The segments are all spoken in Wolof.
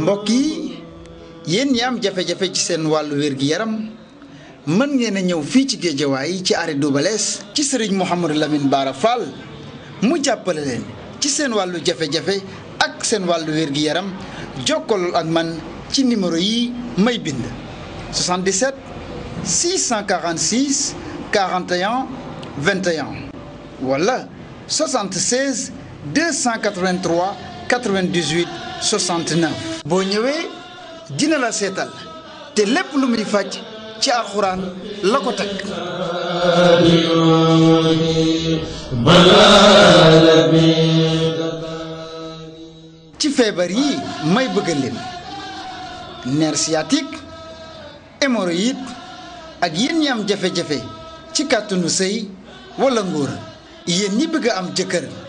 mbokk yi yéen ñi am jafe-jafe ci seen wàllu wér-gi-yaram mën ngeen a ñëw fii ci géejawaay ci arrêt Double ci sëriñ Mouhamadou Lamine Bara Fall mu jàppale leen ci seen wàllu jafe-jafe ak seen wàllu wér-gi-yaram jokkalool ak man ci numéro yi may bind 77 646 41 21 wala 76 283 98 69. boo ñëwee dina la seetal te lépp lu muy faj ci alxuraan la ko teg. ci feebar yi may bëgg lim nerf sciatique hémorroïde ak yéen ñi am jafe-jafe ci kàttanu sëy wala ngóor yéen ñi bëgg a am jëkkër.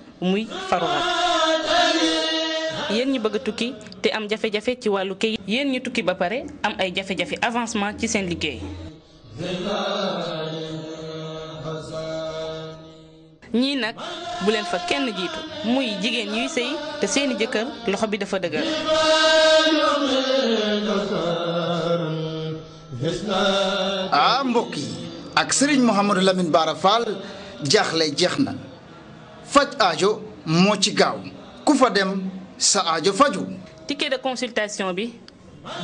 muy faru yéen bëgg tukki te am jafe ci wàllu kayit yéen ñi tukki ba pare am ay jafe avancement ci seen liggéey ñii nag bu leen fa kenn jiitu muy jigéen yuy sëy te seeni jëkkër loxo bi dafa dëgër ah mbokk yi ak Serigne Mouhamadou Lamine Bara Fall jaaxle jeex na faj aajo moo ci gaaw ku fa dem sa aajo faju ticket de consultation bi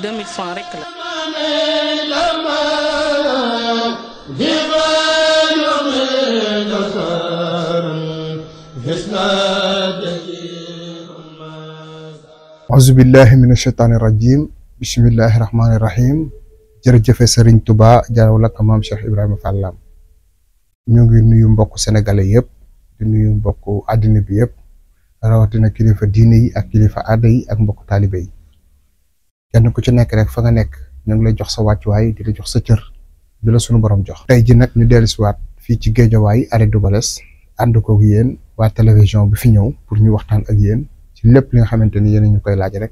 2000 francs rek la. auzubillahi min ashaytaani rajim bismillahi rahmaani rahim jërëjëfe sëriñ Tuubaa jaaraw la ak maam Cheikh Ibrahima Fall ñu ngi nuyu mbokk sénégalais yëpp di nuyu mbokku àddina bi yëpp rawatina kilifa diine yi ak kilifa aada yi ak mbokku taalibe yi kenn ku ci nekk rek fa nga nekk ñu ngi lay jox sa wàccuwaay di la jox sa cër di la sunu borom jox. tey ji nag ñu dellu fii ci géejawaay arrêt du bales ànd koog yéen waa télévision bi fi ñëw pour ñu waxtaan ak yéen ci lépp li nga xamante ni yéen ñu koy laaj rek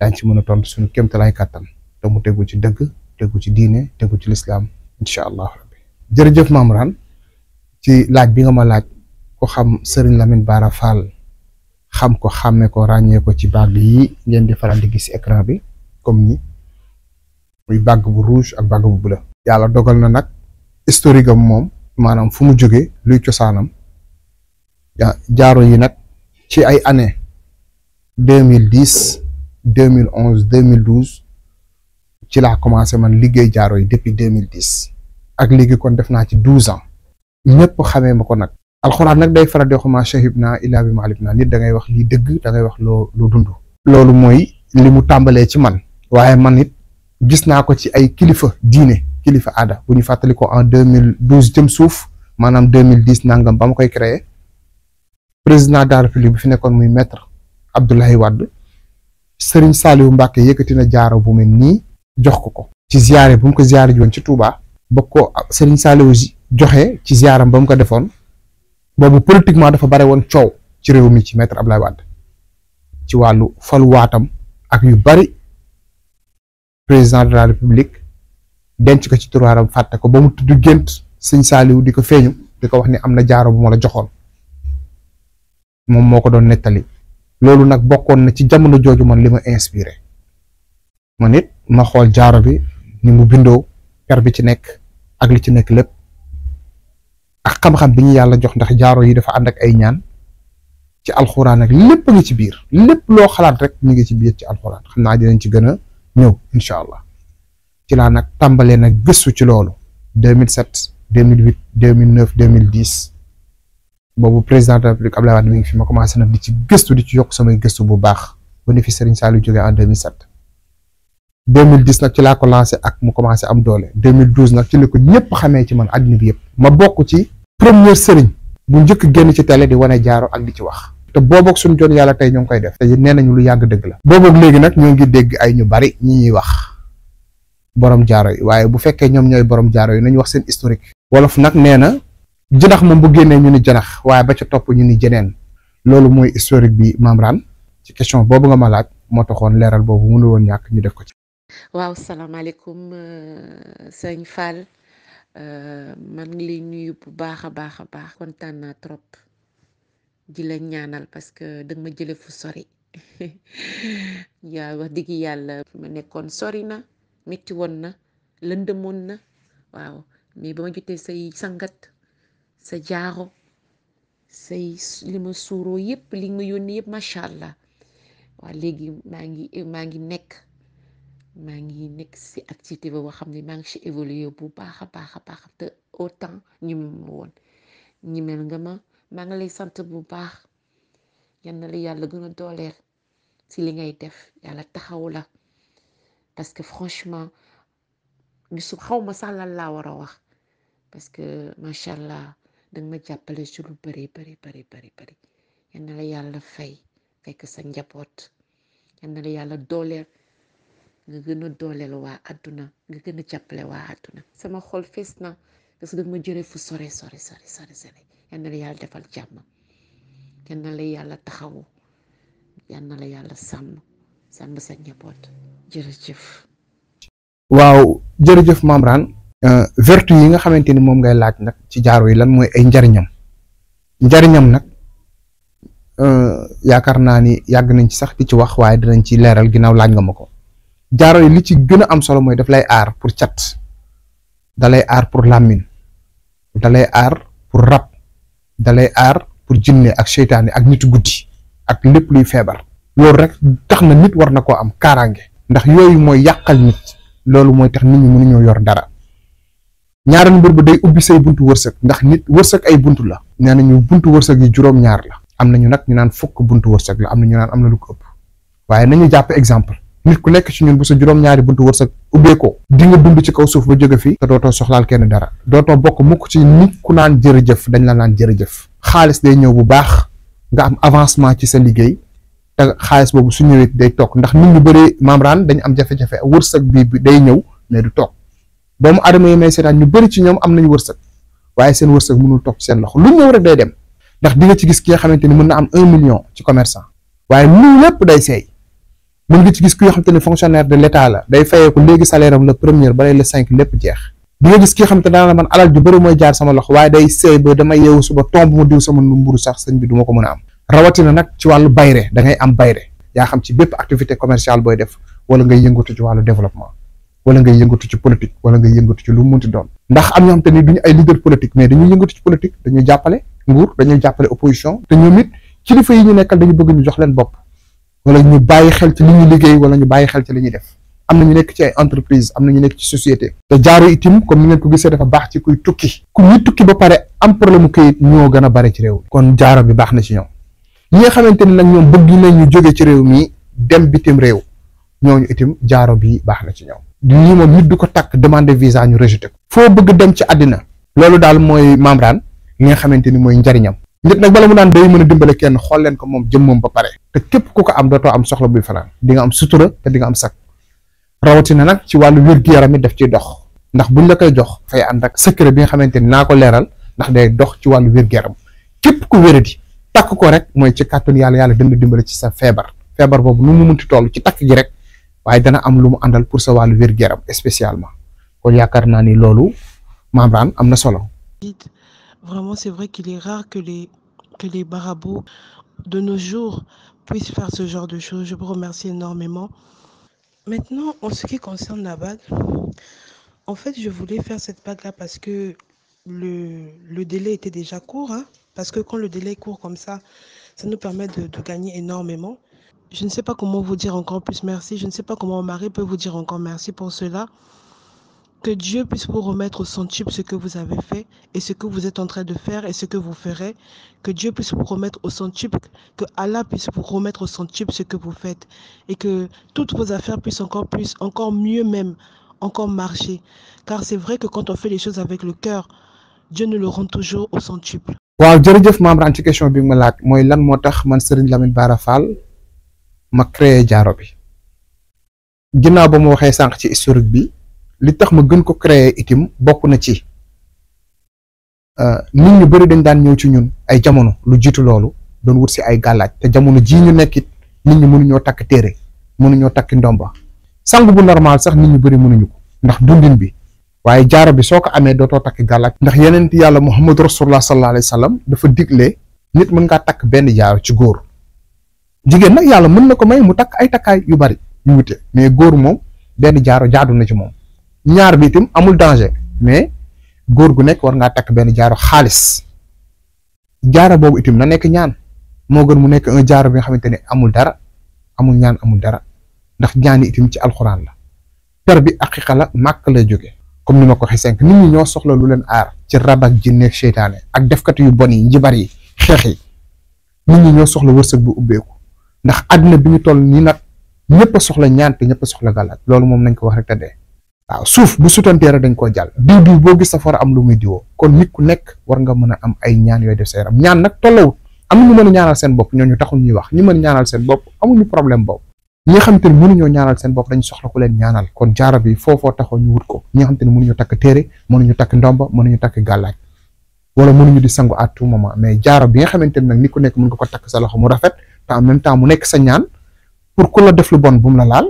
daañ ci mën a tontu suñu kéemtalaay kàttan te mu tegu ci dëgg tegu ci diine tegu ci lislaam incha allah rabbi jërëjëf laaj bi nga laaj. ko xam Serigne Lamine Bara Fall xam ko xàmme ko ràññee ko ci bi yi ngeen di faral di gis écran bi comme ni muy bàgg bu rouge ak bàgg bu bula yàlla dogal na nag historique am moom maanaam fu mu jógee luy cosaanam jaaro yi nag ci ay années deux mille dix deux mille onze deux mille douze ci laa commencé man liggéey jaaro yi depuis deux mille dix ak léegi kon def naa ci douze ans ñëpp xamee ma ko nag alxuraan nak day faral di xuma shahibna ila bi maalibna nit da ngay wax li deug da ngay wax lo loo dund. loolu mooy li mu ci man waye man nit gis naa ko ci ay kilifa diine kilifa ada bu ñu fàttali ko en 2012 jëm suuf manam 2010 nangam bam koy créer président dar philip bi fi nekkon muy maître Abdoulaye wad Serigne Saliou mbake yekati na jaaro bu mel ni jox ko ko. ci ziare bu mu ko ziare joon ci Touba bako Serigne Saliou joxe ci ziaram bam ko defone boobu politiquement dafa bare woon coow ci réew mi ci maître Abdoulaye Wade ci wàllu faluwaatam ak yu bari président de la république denc ko ci turaaram fàtte ko ba mu tudd gént sëñ saaliw di ko feeñu di ko wax ni am na jaaro bu ma la joxoon moom moo ko doon nettali loolu nag bokkoon na ci jamono jooju man li ma inspiré man it ma xool jaaro bi ni mu bindoo per bi ci nekk ak li ci nekk lépp ak xam-xam bi ñu yàlla jox ndax jaaro yi dafa ànd ak ay ñaan ci alxuraan ak lépp a ngi ci biir lépp loo xalaat rek ñu ngi ci biir ci alxuraan xam naa dinañ ci gën ñëw incha allah ci laa nag tàmbalee nag gëstu ci loolu 2007 2008 2009 2010 boobu président de la république Abdoulaye Wade mi ngi fi ma commencé nag ci gëstu di ci yokk samay gëstu bu baax ba ne fi Serigne Saliou jógee en 2007 2010 nag ci laa ko lancé ak mu commencé am doole 2012 nag ci la ko ñëpp xamee ci man àddina bi yëpp ma bokk ci. première sëriñ bu njëkk génn ci télé di wane jaaro ak di ci wax te boobook suñ joon yàlla tey ñu ngi koy def te nee nañu lu yàgg dëgg la boobook léegi nag ñoo ngi dégg ay ñu bari ñi ñuy wax boroom jaaro yi waaye bu fekkee ñoom ñooy boroom jaaro yi nañu wax seen historique wolof nag nee na jënax moom bu génnee ñu ni jënax waaye ba ca topp ñu ni jeneen loolu mooy historique bi Mame Rane ci question boobu nga ma laaj moo taxoon leeral boobu mënul woon ñàkk ñu def ko ci Euh, man ngi lay nuyu bu baax a baax a baax kontaan naa trop ji la ñaanal parce que danga ma jële fu sori yaa wax dëgg yàlla fi ma nekkoon sori na metti woon na lëndëmoon na waaw mais ba ma jotee say sangat sa jaaro say li ma suuroo yépp li ma yónnee yépp macha allah waaw léegi maa ngi maa ngi nekk maa ngi nekk si activité boobu xam ne maa ngi si évoluer bu baax a baax a baax te autant ñi ma woon ñi mel nga ma maa ngi lay sant bu baax yal na la yàlla gën a dooleel si li ngay def yàlla taxaw la parce que franchement Youssouf xaw ma sax lan laa war a wax parce que macha allah danga ma jàppale si lu bëri bëri bëri bëri yal na la yàlla fay fekk sa njaboot yal na la yàlla nga gën a dooleel waa àdduna nga gën a jàppale waa àdduna sama xol fees na parce que daf ma jëree fu sore sore sore sore sore yal la yàlla defal jàmm yal la yàlla taxawu yal na sa njaboot jërëjëf waaw jërëjëf Mame Rane euh, vertu yi nga xamante ni moom ngay laaj nag ci jaaro wi lan mooy ay njariñam njariñam nag euh, yaakaar naa ni yàgg nañ ci sax di ci wax waaye dinañ ci leeral ginnaaw laaj nga ma ko jaaro li ci gëna am solo moy daf lay ar pour chat dalay ar pour lamine dalay ar pour rap dalay ar pour jinne ak seytaane ak nit guddi ak lepp luy lool rek tax nit war nako am karange ndax yooyu moy yakal nit loolu moy tax nit ñi ñoo yor dara ñaareel mbir ba day ubbi say buntu wërsek ndax nit wërsek ay buntu la nee ñu buntu wërsek yi juroom ñaar la am ñu nak ñu naan fukk buntu wërsek la amna ñu naan am lu ko ëpp waaye nañu japp exemple nit ku nekk ci ñun bu sa juróom-ñaari buntu wërsëg ubbeekoo di nga dund ci kaw suuf ba jóge fi te dootoo soxlaal kenn dara dootoo bokk mukk ci nit ku naan jërëjëf dañ la naan jërëjëf xaalis day ñëw bu baax nga am avancement ci sa liggéey te xaalis boobu su ñëwee day toog ndax nit ñu bëri membrane dañ am jafe-jafe wërsëg bi day ñëw mais du toog mu adama yi may seetaan ñu bëri ci ñoom am nañu wërsëg waaye seen wërsëg mënul toog seen loxo lu ñëw rek day dem ndax di ci gis ki nga xamante ni mën na am un ci commerçant waaye lu lépp day seey mën nga ci gis ki nga xamante ne fonctionnaire de l' état la day fayee ko léegi salaire am la première balay le cinq lépp jeex di nga gis ki nga xamante daana la man alal ju bëri mooy jaar sama loxo waaye day seey ba damay yeewu suba tomb ma diw sama mburu sax sëñ bi du ma ko mën a am rawatina nag ci wàllu bayre da ngay am bayre yaa xam ci bépp activité commerciale booy def wala ngay yëngatu ci wàllu développement wala ngay yëngatu ci politique wala ngay yëngatu ci lu mu munti doon ndax am ñoo xamante ni duñu ay leader politique mais dañuy yëngatu ci politique dañuy jàppale nguur bëgg ñu jox leen bopp wala ñu bàyyi xel ci li ñu liggéey wala ñu bàyyi xel ci li ñuy def am na ñu nekk ci ay entreprise am na ñu nekk ci société te jaaru itim comme ni ngeen ko gisee dafa baax ci kuy tukki ku ñuy tukki ba pare am problème mu këyit ñoo gën a bare ci réew kon jaaro bi baax na ci ñoom ñi xamante ni nag ñoom bëgg nañ ñu jóge ci réew mi dem bitim réew ñooñu itim jaaro bi baax na ci ñoom lii moom nit du ko takk demande visa ñu rejeté foo bëgg dem ci àddina loolu daal mooy membrane li nga xamante ni mooy njariñam nit nag bala mu naan day mën a dimbale kenn xool leen ko moom jëmmam ba pare te képp ku ko am dootoo am soxla buy fanaan di nga am sutura te di am sag rawatina nag ci wàllu wér-gu-yaram daf ciy dox ndax buñ la koy jox fay ànd ak secret bi nga xamante ni naa ko leeral ndax day dox ci wàllu wér gu képp ku wéradi takk ko rek mooy ci kàttun yàlla yàlla dina dimbale ci sa feebar feebar boobu nu mu munti toll ci takk gi rek waaye dana am lu mu àndal pour sa wàllu wér-gu-yaram spécialement kon yaakaar naa ni loolu membrane am na solo Vraiment, c'est vrai qu'il est rare que les, que les de nos jours puissent faire ce genre de choses. Je vous remercie énormément. Maintenant, en ce qui concerne la bague, en fait, je voulais faire cette bague-là parce que le, délai était déjà court. Hein. parce que quand le délai est court comme ça, ça nous permet de, de gagner énormément. Je ne sais pas comment vous dire encore plus merci. Je ne sais pas comment mon mari peut vous dire encore merci pour cela. Que Dieu puisse vous remettre au centuple ce que vous avez fait et ce que vous êtes en train de faire et ce que vous ferez. Que Dieu puisse vous remettre au centuple, que Allah puisse vous remettre au centuple ce que vous faites et que toutes vos affaires puissent encore plus, encore mieux même, encore marcher. Car c'est vrai que quand on fait les choses avec le cœur, Dieu nous le rend toujours au centuple. waaw question ma Lamine créé li tax ma gën ko créer itim bokk na ci euh, nit ñu bari dañ daan ñëw ci ñun ay jamono lu jiitu loolu doon wut si ay gàllaaj te jamono jii ñu nekkit nit ñi mënuñoo takk téere mënuñoo takki ndomba sangu bu normal sax nit ñu bëri mënuñu ko ndax dundin bi waaye jaaro bi soo ko amee dootoo takki gàllaaj ndax yeneen yàlla muhammadu rasulullah sallallahu alayhi wa sallam dafa digle nit mën ngaa takk benn jaaro ci góor jigéen nag yàlla mën na ko may mu takk ay takkaay yu bari yu mais góor moom benn jaaro jaadu na ci moom ñaar bi itam amul danger mais góor gu nekk war ngaa takk benn jaaro xaalis jaaro boobu itim na nekk ñaan moo gën mu nekk un jaaro bi nga xamante ne amul dara amul ñaan dara ndax ñaan yi ci alxuraan la per bi aqiqa la màkk lay jóge comme ni ma ko waxee sànq nit ñi ñoo soxla lu leen aar ci rab ak jinne seytaane ak defkati yu bon yi njibar yi xeex yi nit ñi ñoo soxla wërsëg bu ubbeeku ndax àddina bi ñu toll nii nag ñëpp a soxla ñaan te ñëpp a soxla gàllaat loolu moom nañ ko wax rek te dee waaw suuf bu sutanteere dañ ko jàll diw diw bo gis safara am lu muy diwo kon nit ku nek war nga am ay ñaan yoy def sa ñaan nak tolaw am ñu mën a ñaanal seen ñoo ñu taxul ñuy wax ñi mën a ñaanal seen amu ñu problème bop ñi nga xam te ne ñaanal seen bop dañ soxla ku leen ñaanal kon jaara bi foofoo taxo ñu wut ko ñi nga xam te ne mënuñu takk téere mënuñu takk ndomba ñu tak galaj wala ñu di sangu à tout moment mais jaara bi nga xamante ne nit ku nek ko tak sa loxo mu rafet ta en même temps mu nek sa ñaan pour ku la def lu bon bu mu la laal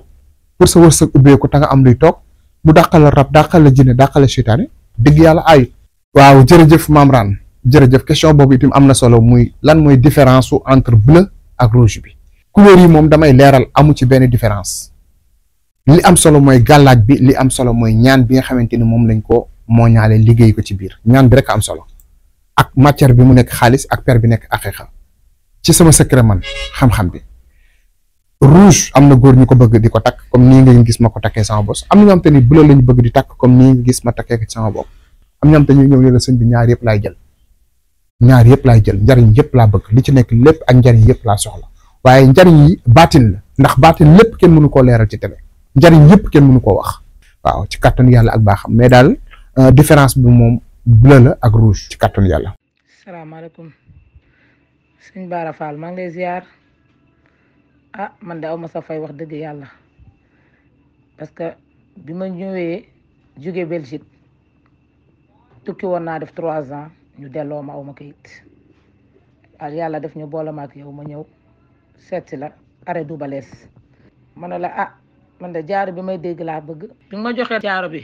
pour sa wërsëg ko ta nga am luy tok mu dàqal la rab dàqal la jinne dàqal la seytaane dëgg yàlla ayut. waaw jërëjëf Mame jërëjëf question boobu itim am na solo muy lan mooy différence su entre bleu ak rouge bi couleur yi moom damay leeral amu ci benn différence li am solo mooy gàllaaj bi li am solo mooy ñaan bi nga xamante ni moom lañ ko moo ñaale liggéey ko ci biir ñaan bi rek am solo ak matière bi mu nekk xaalis ak per bi nekk aqiqa ci sama secret man xam-xam bi. rouge am na góor ñu ko bëgg di ko takk comme nii ngeen gis ma ko takkee sama bos am na te ni bleu lañ bëgg di takk comme nii nga gis ma takkee sama bopp am na te ni ñëw ne la sëñ bi ñaar yëpp laay jël ñaar yëpp laay jël njariñ yëpp laa bëgg li ci nekk lépp ak njariñ yëpp laa soxla waaye njariñ yi baatin la ndax baatin lépp kenn mënu koo leeral ci télé njariñ yëpp kenn mënu koo wax waaw ci kàttanu yàlla ak baaxam mais daal euh, différence bi moom bleu la ak rouge ci kàttanu yàlla. salaamaaleykum sëñ ah man de aw ma sa fay wax deug yalla parce que bima ñëwé ñëwee Belgique tukki woon naa def 3 ans ñu delloo ma aw kayit ak yalla def ñu boole ma ak yow ma ñëw seetsi la arrêt du balees ma la ah man de jaar bi may dégg la bëgg bi ma joxee jaaro bi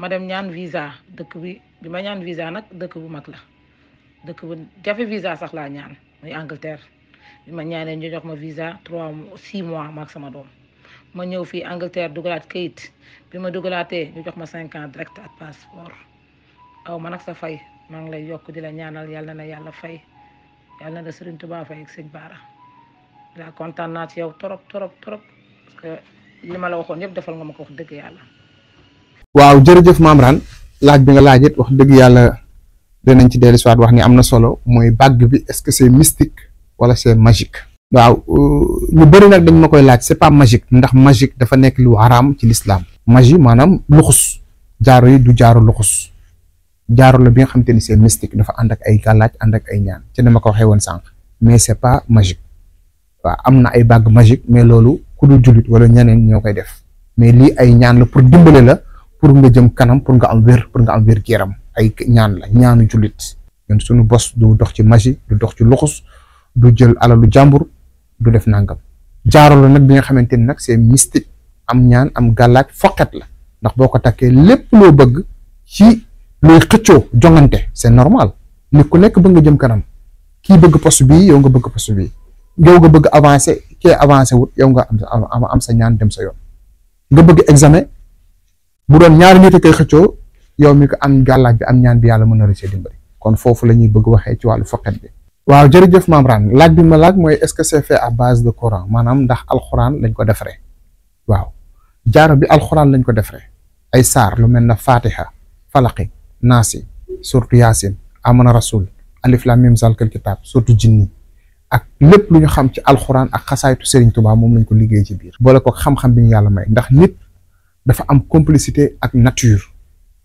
ma dem ñaan visa dëkk bi bima ñaan visa nak dëkk bu mag la dëkk bu jafé visa sax la ñaan muy Angleterre ma ñaané ñu jox ma visa trois 6 mois maag sama doom ma ñëw fi Angleterre dugalaat kayit bima ma ñu jox ma 5 ans direct ak passeport aw ma nag sa fay ma ngi lay yok di la ñaanal yalla na yalla fay yalla na Serigne Touba fay ak serigne bara daa contane na ci yow torop torop torop parce que li ma la waxon yëpp defal nga mako wax deug yalla waaw jërëjëf Mame Rane laaj bi nga laaj it wax deug yalla dinañ ci dellusiwaat wax ni amna solo moy bag bi est-ce que c'est mystique wala c'est magique waaw euh, ñu bari nak dañ makoy laaj c'est pas magique ndax magique dafa nek lu haram ci l'islam magie maanaam luxus jaaru yi du jaaru luxus jaaru la bi nga xamanteni c'est mystique dafa ànd ak ay galaj ànd ak ay ñaan ci ne ma ko waxee woon sànq mais c'est pas magique wa amna ay bag magique mais lolu ku du julit wala ñaneen ñokay def mais li ay ñaan la pour dimbalé la pour nga jëm kanam pour nga am wér pour nga am wér gu ay ñaan la ñaanu julit ñun suñu bos du dox ci magie du dox ci luxus du jël alalu jàmbur du def nangam jaaro la nag bi nga xamante ni nag c'est mystique am ñaan am gàllaaj foqet la ndax boo ko takkee lépp loo bëgg ci looy xëccoo jongante c'est normal nit ku nekk bëgg nga jëm kanam ki bëgg poste bii yow nga bëgg poste bii yow nga bëgg avancer kee avancer wut yow nga am am sa ñaan dem sa yoon nga bëgg examen bu doon ñaari nit a koy xëccoo yow mi ko am gàllaaj bi am ñaan bi yàlla mën na la see dimbali kon foofu la ñuy bëgg waxee ci wàllu foqet bi waaw jërëjëf maam Rane laaj bi ma laaj mooy est-ce fait à base de Coran maanaam ndax alxuraan lañ ko defaree waaw jaaro bi alxuraan lañ ko defaree ay saar lu mel na Fatiha Falaqi Naasi surtout Yaasin Amana Rasul Alif Lam Mim Zalikal Kitab surtout jinni ak lépp lu ñu xam ci alxuraan ak xasaayitu Serigne Touba moom lañ ko liggéey ci biir. boole ko xam-xam bi ñu yàlla may ndax nit dafa am complicité ak nature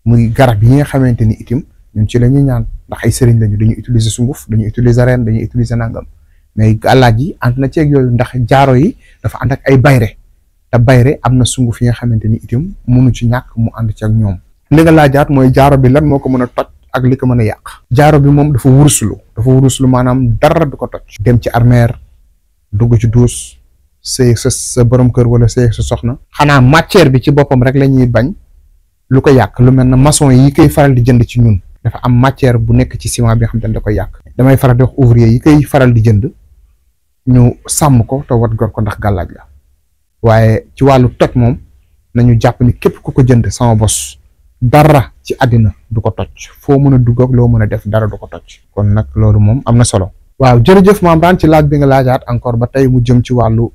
muy garab yi nga xamante ni itim. ñun ci la ñuy ñaan ndax ay sëriñ lañu dañuy utiliser sunguf dañuy utiliser ren dañuy utiliser nangam mais gàllaaj yi ànd na ceeg yooyu ndax jaaro yi dafa ànd ak ay bayre te bayre am na sunguf yi nga xamante ni itam mënu ci ñàkk mu ànd ci ak ñoom. li nga laajaat mooy jaaro bi lan moo ko mën a toj ak li ko mën a yàq. jaaro bi moom dafa wuruslu dafa wuruslu maanaam dara du ko toj. dem ci armeer dugg ci duus sëy sa sa borom kër wala sëy sa soxna. xanaa matière bi ci boppam rek la ñuy bañ lu ko yàq lu mel ne maçon yi koy faral di jënd ci ñun. dafa am matière bu nek ci ciment bi nga xamantene da koy yak damay faral di wax ouvrier yi kay faral di jënd ñu sam ko taw wat gor ko ndax galaj la waye ci walu toj mom nañu japp ni kep ku ko jënd sama bos dara ci adina du ko toj fo mën dugg ak lo mën def dara du ko toj kon nak lolu mom amna solo waaw jërëjëf maam daan ci laaj bi nga laajaat encore ba tay mu jëm ci walu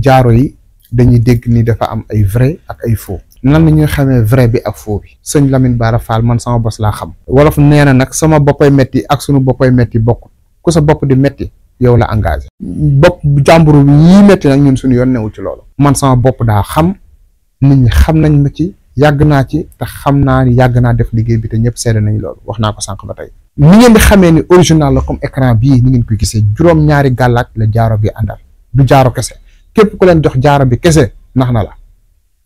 jaaro yi dañuy dégg ni dafa am ay vrai ak ay faux nan la ñuy xamee vrai bi ak faux bi sëñ Lamine Bara Fall man sama bos laa xam wolof nee na nag sama boppay metti ak suñu boppay metti bokk ku sa bopp di metti yow la engagé bopp jàmbur yii metti nag ñun suñu yoon newu ci loolu man sama bopp daa xam nit ñi xam nañ ma ci yàgg naa ci te xam naa yàgg naa def liggéey bi te ñëpp seede nañ loolu wax naa ko sànq ba tey ni ngeen di xamee ni original la comme écran bii ni ngeen koy gisee juróom ñaari gàllaaj la jaaro bi àndal du jaaro kese képp ku leen jox jaaro bi kese nax na la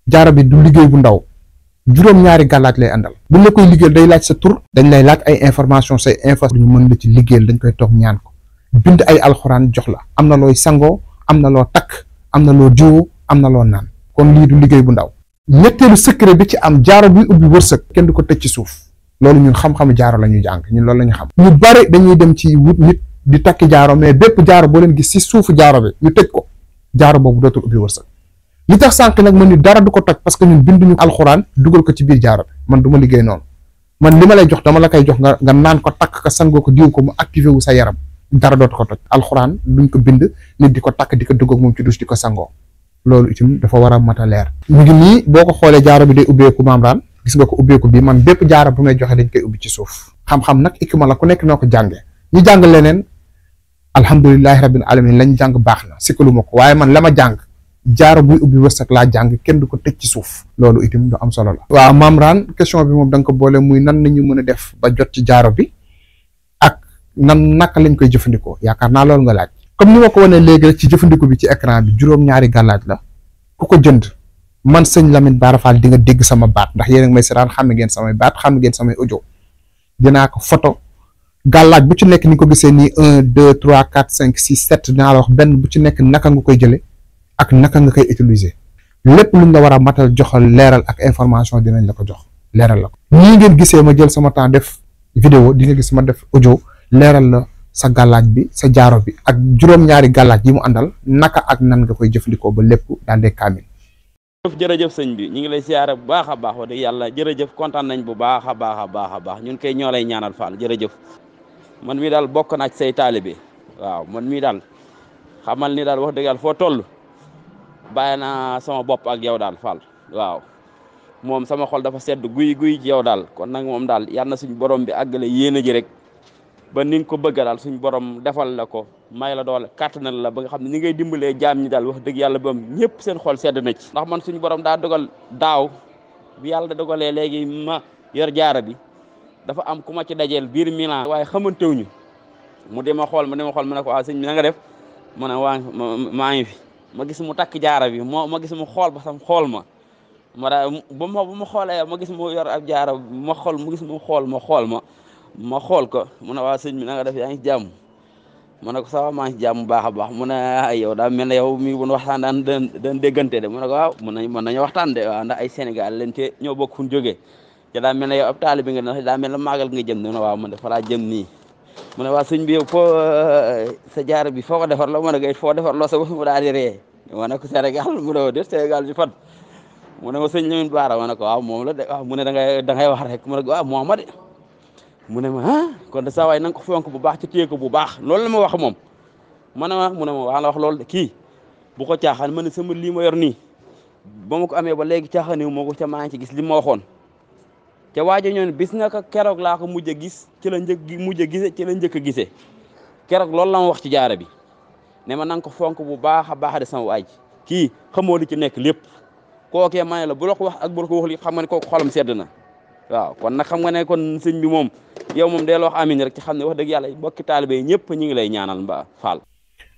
jaaro bi du liggéey bu ndaw juróom-ñaari gàllaaj lay àndal bu la koy liggéeyal day laaj sa tur dañ lay laaj ay information say infos ñu mën la ci liggéeyal dañ koy toog ñaan ko bind ay alxuraan jox la am na looy sangoo am na loo takk am na loo jiwoo am na loo naan kon lii du liggéey bu ndaw ñetteelu secret bi ci am jaaro bi ubbi wërsëg kenn du ko teg ci suuf loolu ñun xam-xamu jaaro la ñuy jàng ñun loolu la ñu xam ñu bari dañuy dem ci wut nit di takki jaaro mais bépp jaaro boo leen gis si suufu jaaro bi ñu teg ko jaaro boobu dootul ubbi wërsëg li tax sank nak man ni dara du ko toj parce que ñun ñu alcorane duggal ko ci bir jaar man duma liggey non man lima lay jox dama la kay jox nga nan ko tak ka sango ko diw ko mu activer wu sa yaram dara do ko toj alcorane duñ ko bind nit di tak diko dugg ak mom ci douche di sango lolu itim dafa wara mata leer. mu ngi ni boko xole jaar bi day ubbe ko mamran gis nga ko ko bi man bepp jaar bu may joxe dañ koy ubbi ci suuf xam-xam nak ikuma la ku nek noko jange ñu jang leneen alhamdullilah rabbil alamin lañ jang baxna sikulumako waye man lama jang jaaro buy ubbi wërsëg laa jàng kenn du ko tëj ci suuf loolu itam lu am solo la waaw maam raan question bi moom da nga ko boole muy nan nañu mën a def ba jot ci jaaro bi ak nan naka lañ koy jëfandikoo yaakaar naa loolu nga laaj comme ni ma ko wanee léegi rek ci jëfandikoo bi ci écran bi juróom-ñaari gàllaaj la ku ko jënd man sëñ Lamine Bara Fall di nga dégg sama baat ndax yeneen a ngi may seetaan xam ngeen samay baat xam ngeen samay audio dinaa ko foto gàllaaj bu ci nekk ni ko gisee nii un deux trois quatre cinq six sept dinaa bu ci nekk naka nga koy jëlee ak naka nga koy utiliser lépp luñ la war a matal joxal leeral ak information dinañ la ko jox leeral la ko gisee ma jël sama temps def vidéo di nga gis ma def audio leeral la sa gàllaaj bi sa jaaro bi ak juróom-ñaari gàllaaj yi mu àndal naka ak nan nga koy jëfandikoo ba lépp daal dee kaamil jërëjëf sëñ bi ñu ngi lay siyaare bu baax a baax wax dëgg yàlla jërëjëf kontaan nañ bu baax a baax a baax a baax ñun kay ñoo lay ñaanal faal jërëjëf man mi daal bokk naa ci say taalibe waaw man mii daal xamal ni daal wax dëgg yàlla foo toll bàyyi naa sama bopp ak yow daal Fall waaw moom sama xol dafa sedd guy guy ci daal kon nag moom daal yal na suñu borom bi àggale yéene ji rek ba ni ko bëgg daal suñu borom defal la ko may la doole kàttanal la ba nga xam ne ni ngay dimbalee jaam ñi daal wax dëgg yàlla ba ñëpp seen xol sedd na ci. ndax man suñu borom daa dogal daaw bi yàlla dogalee léegi ma yor jaara bi dafa am ku ma ci dajeel biir Milan. waaye xamantewuñu mu di ma xool mu di ma xool mu ne ko ah sëñ bi na nga def mu ne waa maa ngi fi. ma gis mu takk jaara bi moo ma gis mu xool ba sam xool ma ma daa ba ma ba ma xoolee ma gis mu yor ab jaara ma xool mu gis mu xool ma xool ma ma xool ko mun ne waa sëñ mi na def yaa ngi jàmm mu ne sax maa ngi jàmm baax a baax mu a ah, yow daa mel ne yow mii bu nu waxtaan daan daan déggante de mu a ko waaw mën nañu mën nañu waxtaan de waaw ay Sénégal lañ te ñoo bokk fu ñu jógee te daa mel ne yow ab taalibe nga daa mel ne màggal nga jëm ne waaw man de jëm nii mu ne waa sëñ bi yow foo eh, sa jaar bi foo ko defarloo mu ne foo defarloo sa bopp mu daal di ree ma ne ko Sénégal mu ne ko déet ko waaw moom la mu ne da ngay da ngay wax rek mu moom ma de mu ne ma ah, kon de saa waay na ko fonk bu baax ci téye ko bu baax loolu la ma wax moom ma ne ma mu ne ma waa la wax loolu de kii bu ko caaxaan man ne sama lii ma yor nii ba ma amee ba léegi caaxaan moo ko ca maa ngi ci gis li ma waxoon ca waji ñoon bis ko kérok la ko mujjé gis ci la ñëk mujj a gise ci la ñëk gisé kérok keroog loolu la wax ci jaara bi né ma nang ko fonk bu baaxa baax de sama waji ki xamoo li ci nekk lepp kookee ma la bu la ko wax ak bu la ko wax li xam nga ko xolam sedd waaw kon na xam nga né kon señ bi mom yow mom deel wax amin rek ci xam ne wax deug yalla bokki talibé ñëpp ñi ngi lay ñaanal ba faal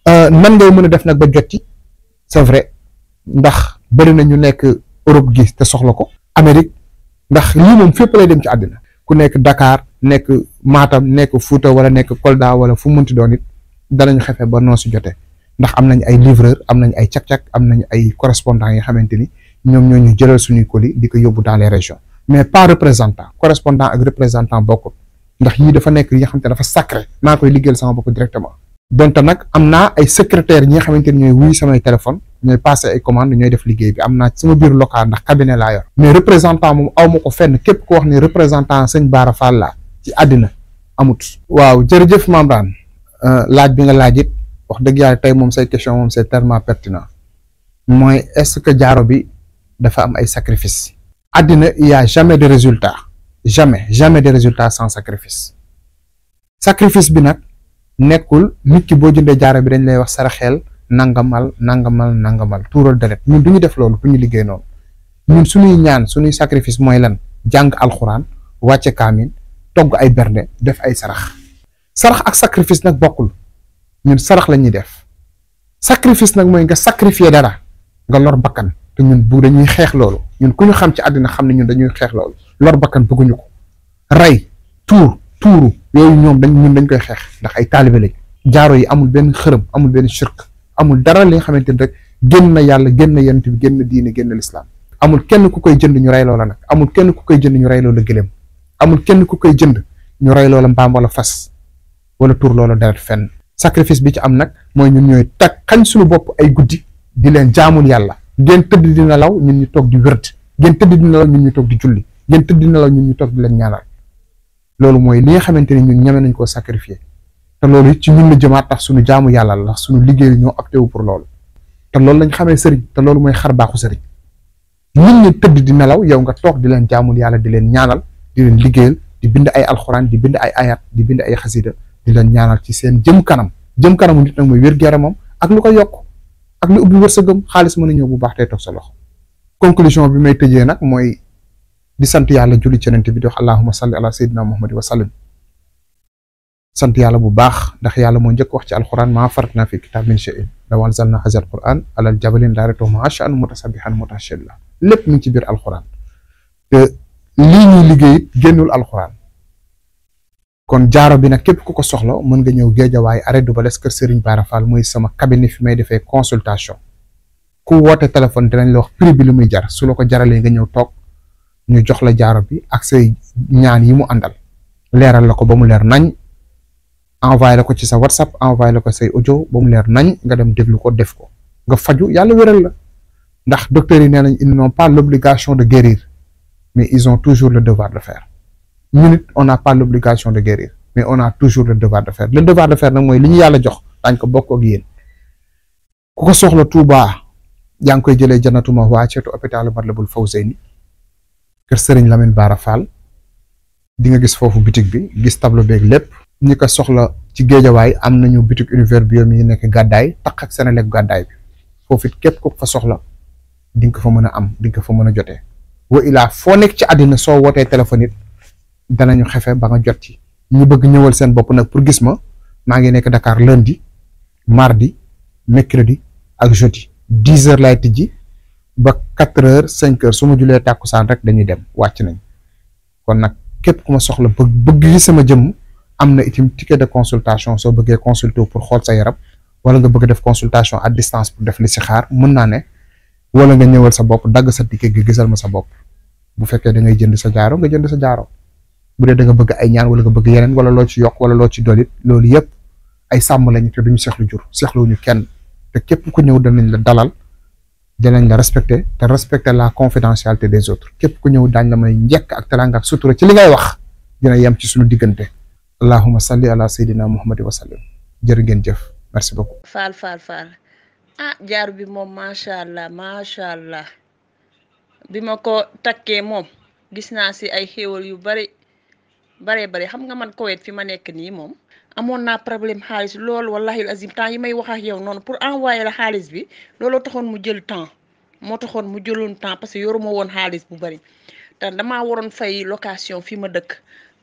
euh, nan ngay mëna def nak ba jot ci c'est vrai ndax bari na ñu nekk Europe gis te soxla ko amerique ndax lii moom fépp lay dem ci àddina ku nekk Dakar nekk Matam nekk Fouta wala nekk Kolda wala fu mu mënti doon it danañu xefe ba noo si jotee ndax am nañ ay livreur am nañ ay cak-cak am nañ ay correspondant yi xamante ni ñoom ñoo ñu jëlal suñuy colis di ko yóbbu dans les régions mais pas représentant correspondant ak représentant bokkul ndax yii dafa nekk yi nga xamante ne dafa sacré maa koy liggéeyal sama bopp directement donte nag am naa ay secrétaire ñi nga xamante ni ñooy wuy samay téléphone ne passé ay commande ñoy def liggéey bi amna sama biir local ndax cabinet la yor mais représentant mom aw ko fenn kep ko wax ne représentant sëñ Bara Fall laa ci àddina amut waaw jërëjëf euh laaj bi nga laaj it wax deug yàlla tay mom say question mom c'est tellement pertinent moy est-ce que jaaro bi dafa am ay sacrifice adina il y a jamais de résultat jamais jamais de résultat sans sacrifice sacrifice bi nak nekul nit ki bo jëndee jaaro bi dañ lay wax xel nangamal nangamal nangamal tuural deret ñun du ñu def loolu bu ñu liggéey noonu ñun suñuy ñaan suñuy sacrifice mooy lan jàng alxuraan wàcce kaamin togg ay bernde def ay sarax sarax ak sacrifice nag bokkul ñun sarax la ñuy def sacrifice nag mooy nga sacrifier dara nga lor bakkan te ñun bu dañuy xeex loolu ñun ku ñu xam ci àddina xam ne ñun dañuy xeex loolu lor bakkan bëgguñu ko rey tuur tuuru yooyu ñoom dañ ñun dañ koy xeex ndax ay taalibe lañ jaaro yi amul benn xërëm amul benn shirk amul dara li xamante ni rek génn na yàlla génn na yent bi génn na diine génn lislaam amul kenn ku koy jënd ñu rey loola nag amul kenn ku koy jënd ñu rey loola gëléem amul kenn ku koy jënd ñu rey loola mbaam wala fas wala tur loola deret fenn sacrifice bi ci am nag mooy ñun ñooy takk xañ suñu bopp ay guddi di leen jaamul yàlla ngeen tëdd dina law ñun ñu toog di wërd ngeen tëdd dina law ñun ñu toog di julli ngeen tëdd dina law ñun ñu toog di leen ñaanal loolu mooy li nga xamante ni ñun ñeme nañ koo sacrifier te loolu ci ñun la jëmaat tax suñu jaamu yàlla la ndax suñu liggéey ñoo opté wu pour loolu te loolu lañ xamee sëriñ te loolu mooy xar baaxu sëriñ nit ñi tëdd di nelaw yow nga toog di leen jaamul yàlla di leen ñaanal di leen liggéeyal di bind ay alxuraan di bind ay ayat di bind ay xasida di leen ñaanal ci seen jëm kanam jëm kanamu nit nag mooy wér-gu-yaramam ak lu ko yokk ak lu ubbi wërsëgam xaalis mën a ñëw bu baax tey toog sa loxo conclusion bi may tëjee nag mooy di sant yàlla julli ci yonent bi di wax allahumma sant yàlla bu baax ndax yàlla moo njëkk wax ci alquran maa faratna fi kitab min shay'in law anzalna haza alquran alal jabalin laraaytahu xaashi'an mutasaddihan mutashaddilan lépp mu ngi ci biir alquran te lii ñuy liggéey it génnul alquran kon jaaro bi nag képp ku ko soxla mën nga ñëw géejawaay arrêt du bales kër Serigne mooy sama cabinet fi may defee consultation ku woote téléphone dinañ la wax prix bi lu muy jar su la ko jaralee nga ñëw toog ñu jox la jaaro bi ak say ñaan yi mu àndal ba mu leer nañ. Envoie-le ko ci sa whatsapp envoie-le ko say audio ba leer nañ nga dem deglu ko def ko nga faju yalla wéral la ndax docteur yi nee ils n'ont pas l'obligation de guérir mais ils ont toujours le devoir de faire minute on n'a pas l'obligation de guérir mais on a toujours le devoir de faire le devoir de faire nak moy liñu yalla jox daañ ko bokk ak yeen ku ko soxla Touba yaa ngi koy jëlee janatuma waa ceetu hôpitalu Matlaboul Fawzeyni kër Serigne Lamine Bara Fall di nga gis fofu boutique bi gis tableau beeg lepp ñi ka soxla ci géejawaay am nañu boutique univers bio mi ngi nekk gaday tak ak Senelec gaday bi foofu it képp fa soxla ding ko fa meuna am ding fomona ko fa meuna joté wa ila fo nek ci adina so woté téléphone it danañu xefé ba nga jot ci ñu bëgg ñëwal seen bop nak pour gis ma ma ngi nekk Dakar lundi mardi mercredi ak jeudi 10h lay tidji ba 4h 5h su ma julee tàkkusaan rek dañuy dem wacc nañ kon nak kep kuma soxla bëgg sama jëm amna itim ticket de consultation so beugé consulter pour xol sa yaram wala nga beug def consultation à distance pour def li si xaar mën naa ne wala nga ñëwal sa bopp dagg sa ticket gi gëssal ma sa bopp bu féké da ngay jënd sa jaaro nga jënd sa jaaro bu dé da nga bëgg ay ñaan wala nga bëgg yeneen wala lo ci yok wala lo ci dolit loolu yépp ay sam lañu te duñu seexlu jur ñu kenn té képp ku ñëw dañ la dalal danañ la respecté te respecté la confidentialité des autres képp ku ñëw dañ la may njekk ak teraanga ak sutura ci li ngay wax dina yem ci suñu diggante allahuma salli ala sayyidina muhammadi wa sallim jërë ngeen jëf merci beaucoup. faal faal faal ah jaar bi moom macha allah macha allah bi ma ko takkee moom gis naa si ay xéewal yu bari baree bari xam nga man Koweït fi ma nekk nii moom amoon naa problème xaalis lool wallahi azim temps yi may wax ak noonu pour envoyé la xaalis bi looloo taxoon mu jël temps moo taxoon mu jëloon temps parce que yoruma woon xaalis bu bari te damaa waroon fay location fi ma dëkk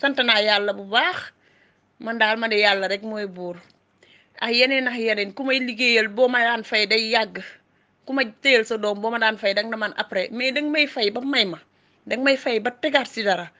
sant naa yàlla bu baax man daal ma yàlla rek mooy buur ak yeneen ak yeneen ku may liggéeyal boo ma daan fay day yàgg ku ma téyel sa doom boo ma daan fay dang na man après mais danga may fay ba may ma danga may fay ba tegaat si dara